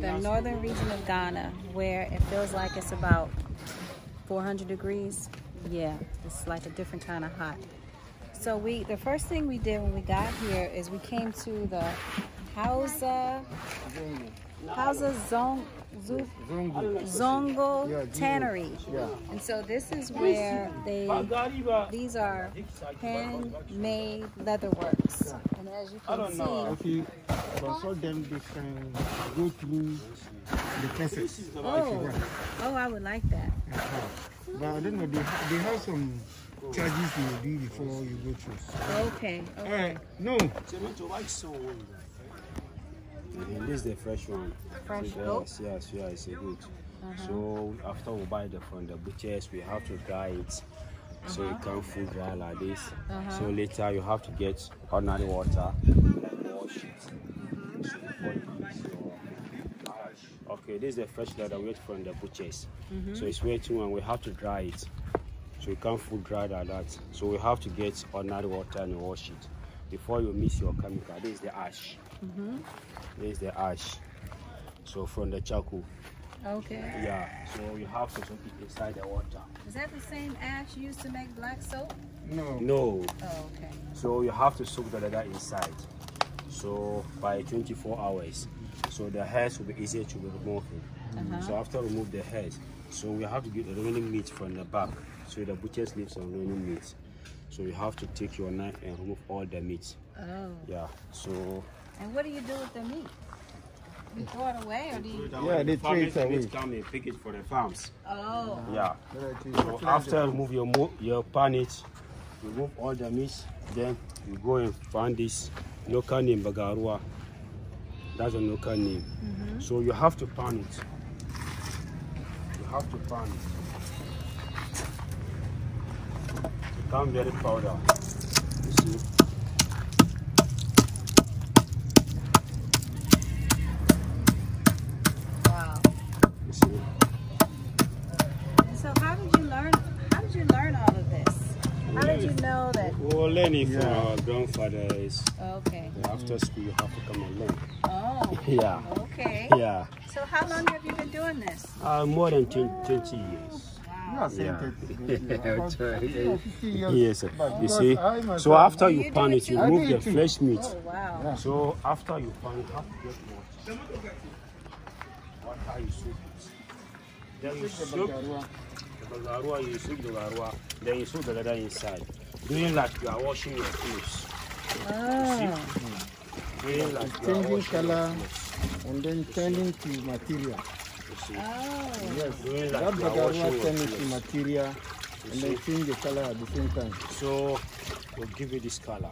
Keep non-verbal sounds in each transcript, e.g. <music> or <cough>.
the northern region of Ghana where it feels like it's about 400 degrees. Yeah, it's like a different kind of hot. So we, the first thing we did when we got here is we came to the Hausa, Hausa Zone um, Zongo, Zongo Tannery. Yeah. And so this is where they, these are handmade works, And as you can see, if you consult them, they can go through the process. Oh, oh I would like that. Uh-huh. But I don't know, they, they have some charges you do before you go through. Okay, okay. no is the fresh one. Fresh so, goat? Yes, yes, yes, it's a good. Uh -huh. So after we buy the from the butchers, we have to dry it. Uh -huh. So it uh-huh. can't full dry like this. Uh -huh. So later you have to get ordinary water and wash it. Okay, this is the fresh that I get from the butchers. Mm -hmm. So it's waiting and we have to dry it. So it can't full dry like that. So we have to get ordinary water and wash it before you miss your chemical. This is the ash mm -hmm. there's the ash so from the charcoal okay yeah so you have to soak it inside the water is that the same ash used to make black soap no no oh, okay so you have to soak the leather inside so by 24 hours so the hairs will be easier to be removed uh-huh. so after remove the hairs so we have to get the remaining meat from the back so the butchers leaves some remaining meat so you have to take your knife and remove all the meat. Oh. Yeah. So and what do you do with the meat? You throw it away or do you? Yeah, they trade it away. come and pick it for the farms. Oh. Yeah. So after you move your, your panage, you move all the meat, then you go and find this local name, Bagarua. That's a local name. Mm -hmm. So you have to pan it. You have to pan it. It become very powder. You see? learning yeah. from our grandfathers. is okay. after school you have to come and learn. Oh. <laughs> Yeah. Okay. Yeah. So how long have you been doing this? Uh, more than 20, 20 years. Wow. Yeah. <laughs> yeah. <laughs> yes, you see. So after you, you pan it, you remove the flesh meat. Oh, wow. Yeah. So after you pan, you have to get water. Water you soak it. Then you soak the bagarua, you soak the bagarua, then you soak the leather inside doing like you are washing your clothes. Ah. You see? Doing hmm. like color and then turning to material. You see? Ah. Yes, doing like that you are washing turning to material you and see? then change the color at the same time. So we'll give you this color.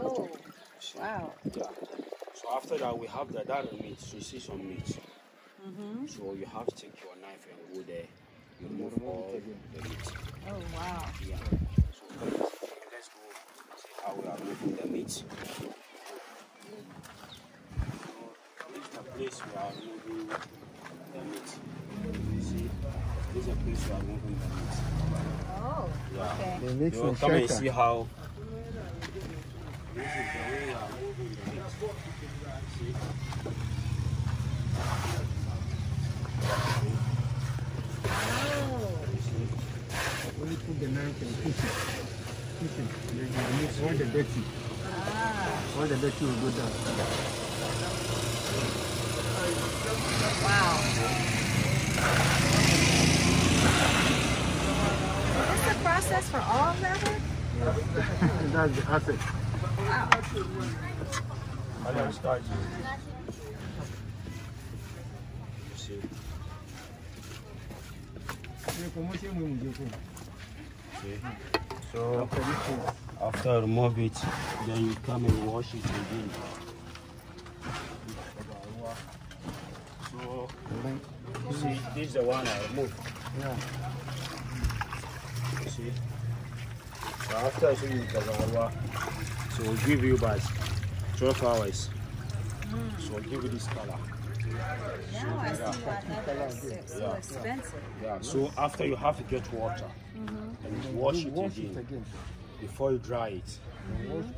Oh, wow. Yeah. So after that, we have the dark meat. So you see some meat. Mm -hmm. So you have to take your knife and go there. You remove all the meat. Oh, wow. Yeah. Let's go see how we are moving the meat. This a place where we are moving the meat. See, this is the place we are moving the meat. Oh, okay. you some come and see how. This is the way we moving put the knife and kitchen. All the dirty. Ah. All the dirty will go down. the for all of that work? Yes. <laughs> That's the asset. Wow. I never started. Como so after I remove it, then you come and wash it again. So see, this is the one I remove. Yeah. You see. So after I show you the so we'll give you about 12 hours. Mm. So we'll give you this color. Now so, I see why that is so yeah. expensive. Yeah, so after you have to get water. Mm -hmm and wash, you it, wash again it, again before you dry it.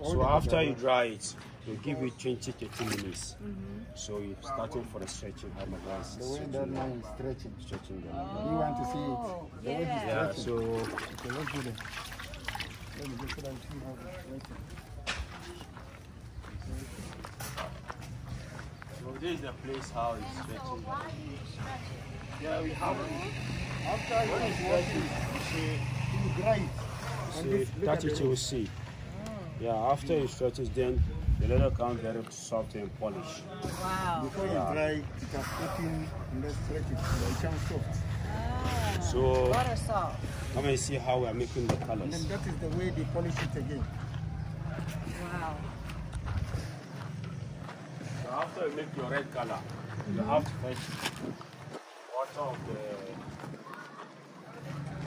So after you dry it, you give it 20 30 minutes. Mm -hmm. So you starting for the stretching. How my guys the way that man is stretching, stretching Oh. You want to see it? Oh, the yeah. Way yeah. So okay, let's do that. Let me just stretching. So this is the place how it's stretching. Yeah, we have it. Mm-hmm. After you wash it, you see see, that it you will see. Oh. Yeah, after you stretch it, then the leather comes very soft and polished. Wow. Before you dry, it has taken and then stretch it, it becomes soft. Ah, so, water soft. Come and see how we are making the colors. And then that is the way they polish it again. Wow. So after you make your red color, mm -hmm. you have to fetch water of the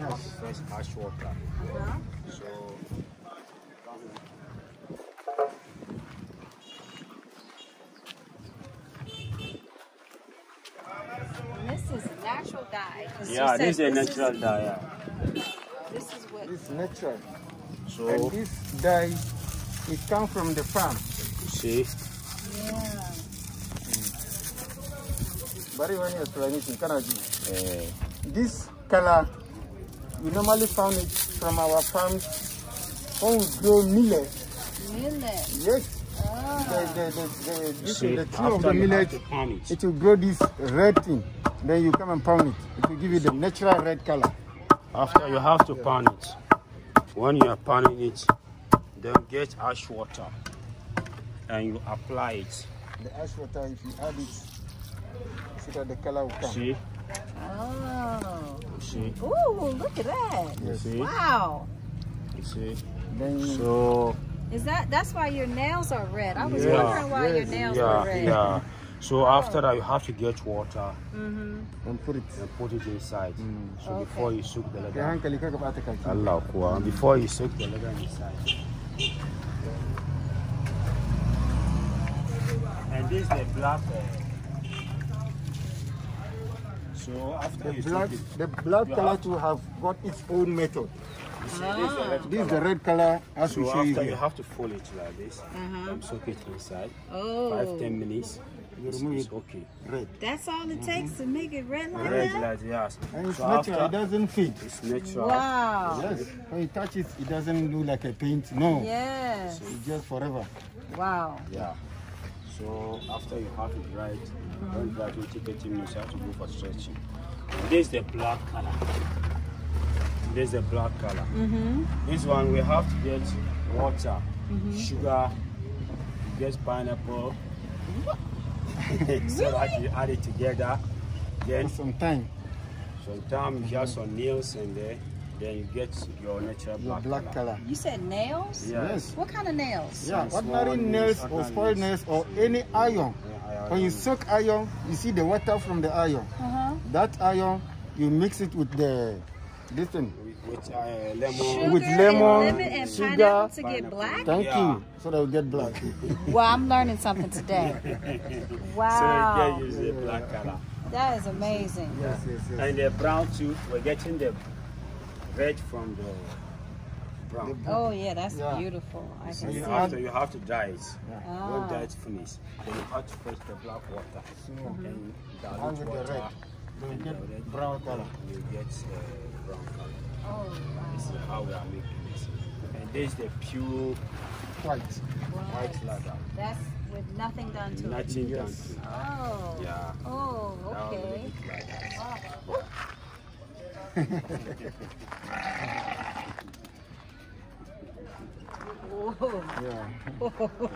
yes. first ash water. Yeah. So this is natural dye. Yeah, this is a natural dye. Yeah. This is what it's natural. So and this dye it comes from the farm. See? Yeah. Very well, you are eh. This color we normally found it from our farms when oh, we grow millet. Millet? Yes. Ah. the, tree of millet, it. will grow this red thing. Then you come and pound it. It will give you the natural red color. After you have to yeah. pound it. When you are pounding it, then get ash water and you apply it. The ash water, if you add it, see that the color will come. See? Ah see? Ooh, look at that. You see? Wow. You see? so. Is that, that's why your nails are red. I was yeah, wondering why your nails yeah, red. Yeah. So after that, you have to get water mm -hmm. and put it and put it inside. Mm. So okay. before you soak the leather, Allah kuwa. Before you soak the leather inside. And this is the black. Uh, after the blood, the blood color to have got its own method. See, ah. this, is this is the red color as so we show you You have to fold it like this. Uh -huh. um, soak it inside. Oh. Five, ten minutes. You remove it's, okay. Red. That's all it takes mm -hmm. to make it red like red, that? Red, yes. And it's so natural. It doesn't fit. It's natural. Wow. Yes. When you touch it, it doesn't look like a paint. No. Yes. So it's just forever. Wow. Yeah. So after you have it right, mm-hmm. when you are doing ticketing, you have to go for stretching. This is the black color. This is the black color. Mm -hmm. This one we have to get water, mm -hmm. sugar, get pineapple. <laughs> so that you add it together. Then some time. Some time just on some nails in there. Then you get your natural your black, color. color. You said nails? Yes. What kind of nails? Yeah, ordinary nails or spoiled nails or any iron. when you soak iron, you see the water from the iron. Uh -huh. That iron, you mix it with the this thing. With, uh, lemon. Sugar with lemon, and lemon and sugar. to get black? Thank yeah. you. So that we get black. <laughs> well, I'm learning something today. <laughs> wow. So that is amazing. Yes, yes, yes. And the brown tooth, we're getting the red from the brown. The oh yeah, that's yeah. beautiful. I can you see. Have to, you have to dye it. Yeah. Ah. When dye is finished, then you have to first the black water. mm -hmm. Then dilute the water. Red. You get red, brown color. You get uh, brown color. Oh, wow. This is how we are making this. And this is the pure white, white, white ladder. That's with nothing done to nothing it. Nothing done to it. Oh. Yeah. Oh, okay. Wow. Whoa! Yeah. you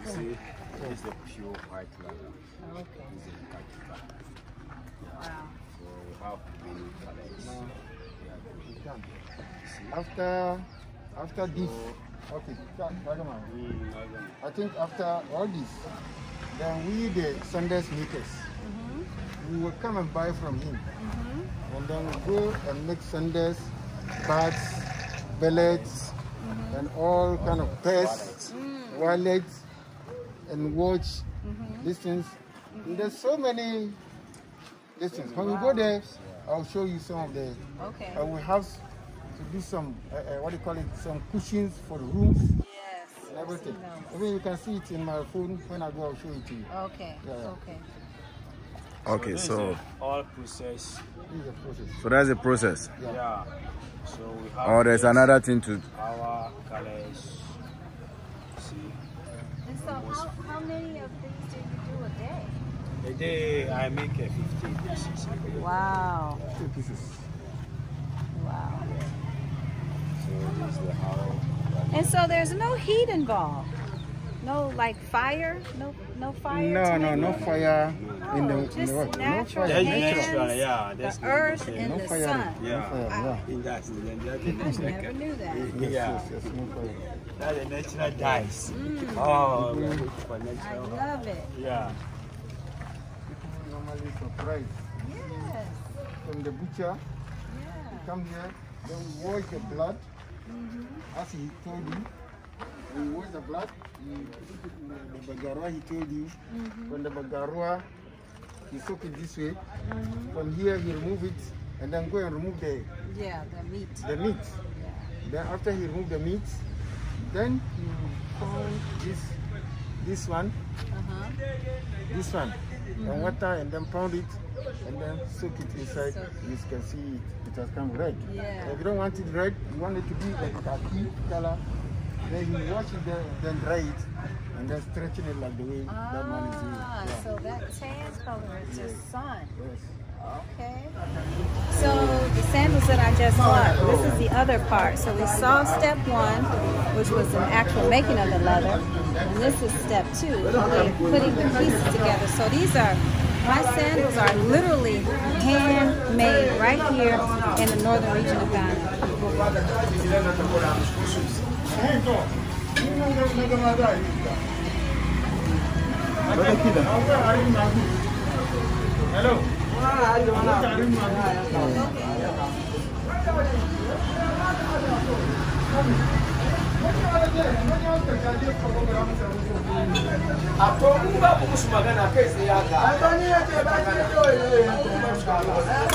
see, this is a pure white leather. okay. This is black leather. Yeah. Wow. So we have many colors. Yeah. No. See, After, after so, this, okay, Come, on. I think after all this, then we the Sunday sneakers, mm -hmm. we will come and buy from him. Mm -hmm and then go and make senders, bats, billets, and all kind of pests, mm. wallets, and watch these things. And there's so many these things. When wow. we go there, I'll show you some of the. Okay. I will have to do some, uh, uh, what do you call it, some cushions for the rooms. Yes. And everything. I mean, you can see it in my phone. When I go, I'll show it to you. Okay. Yeah. Okay. Okay, so, so all process is a process. So that's the process. Yeah. yeah. So we have. Oh, there's another thing to. Our colors. See. And so, how, how many of these do you do a day? A day, I make uh, 15 pieces. Wow. 15 pieces. Wow. So this is the how. And so there's no heat involved. No, like fire. No no fire? No, no, no fire no, oh, in the, just in the world. Natural no fire. Hands, natural, yeah. That's the earth and no the fire, sun. Yeah. No fire, yeah. I, that's, that's I never knew that. Yes, yeah. yes, yes, no fire. That's natural mm. Dice. Mm. Oh, for natural. I love it. Yeah. People normally surprised. Yes. From the butcher, yeah. he comes here, they wash the blood. Mm -hmm. As he told you, we wash the blood, the, bagarua he told you. Mm -hmm. When the bagarua, he soak it this way. Mm -hmm. From here, he remove it and then go and remove the... Yeah, the meat. The meat. Yeah. Then after he remove the meat, then you mm. pour this, this one, uh -huh. this one, mm -hmm. and water and then pound it and then soak it inside. Soak. You can see it, it has come red. Yeah. If you don't want it red, you want it to be a key color, then you wash it, then, then dry it, and then stretching it like the way ah, that man is doing. Ah, yeah. So that tan color is just sun. Yes. Okay. So the sandals that I just bought, this is the other part. So we saw step one, which was the actual making of the leather. And this is step two, putting the pieces together. So these are, my sandals are literally handmade right here in the northern region of Ghana. えっと、みんなが仲間だ、いいんだ。Hello. a to in ba k e musu magana kai sai ya ga a to ni yace ba ki da to eh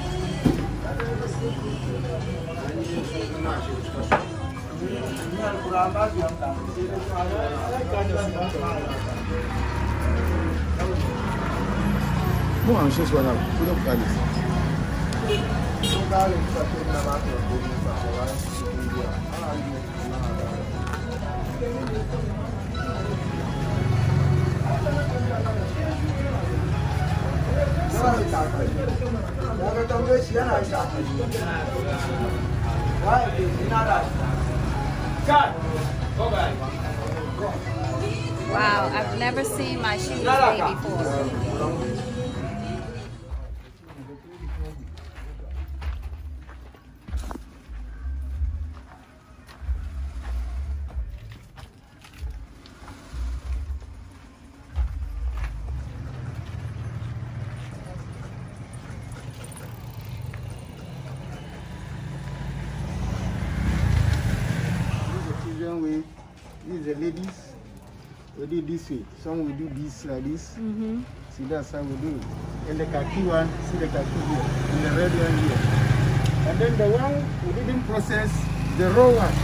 Bon, on cherche voilà, pour le caler. Thank you. Wow, I've never seen my shoes before. is the ladies. We do this way. Some will do this like this. Mm -hmm. See, that's how we do it. And the khaki one, see the khaki here. And the red one here. And then the one we didn't process, the raw one.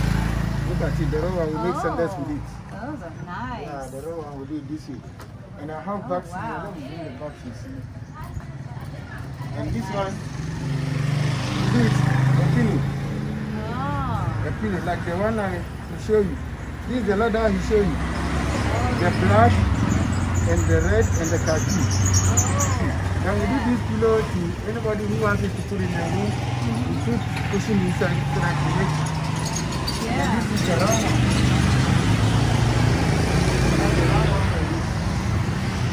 Look at it, the raw one, we make oh, sandals with it. Oh, those are nice. Yeah, the raw one we do this way. And I have oh, boxes. Wow. I love doing the boxes. See. And this one, do it, the pillow. Oh. The pillow, like the one I show you. This is the leather he's showing. The black and the red and the khaki. And we do this pillow to anybody who wants it to put in their room. We put cushion inside so that make. Yeah. this is the round one.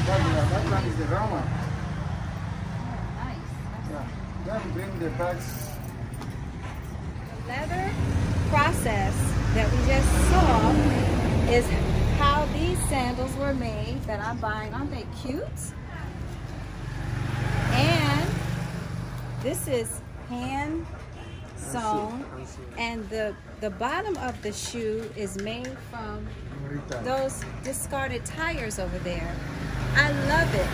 That one is the round one. Oh, nice. Yeah. Then bring the bags. leather process that we just saw is how these sandals were made that I'm buying. Aren't they cute? And this is hand sewn and the the bottom of the shoe is made from those discarded tires over there. I love it.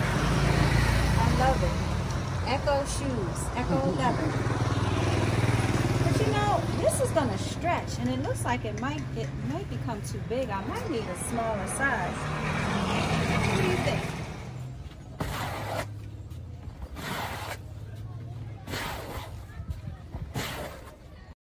I love it. Echo shoes, Echo leather you know, this is gonna stretch and it looks like it might it might become too big. I might need a smaller size. What do you think?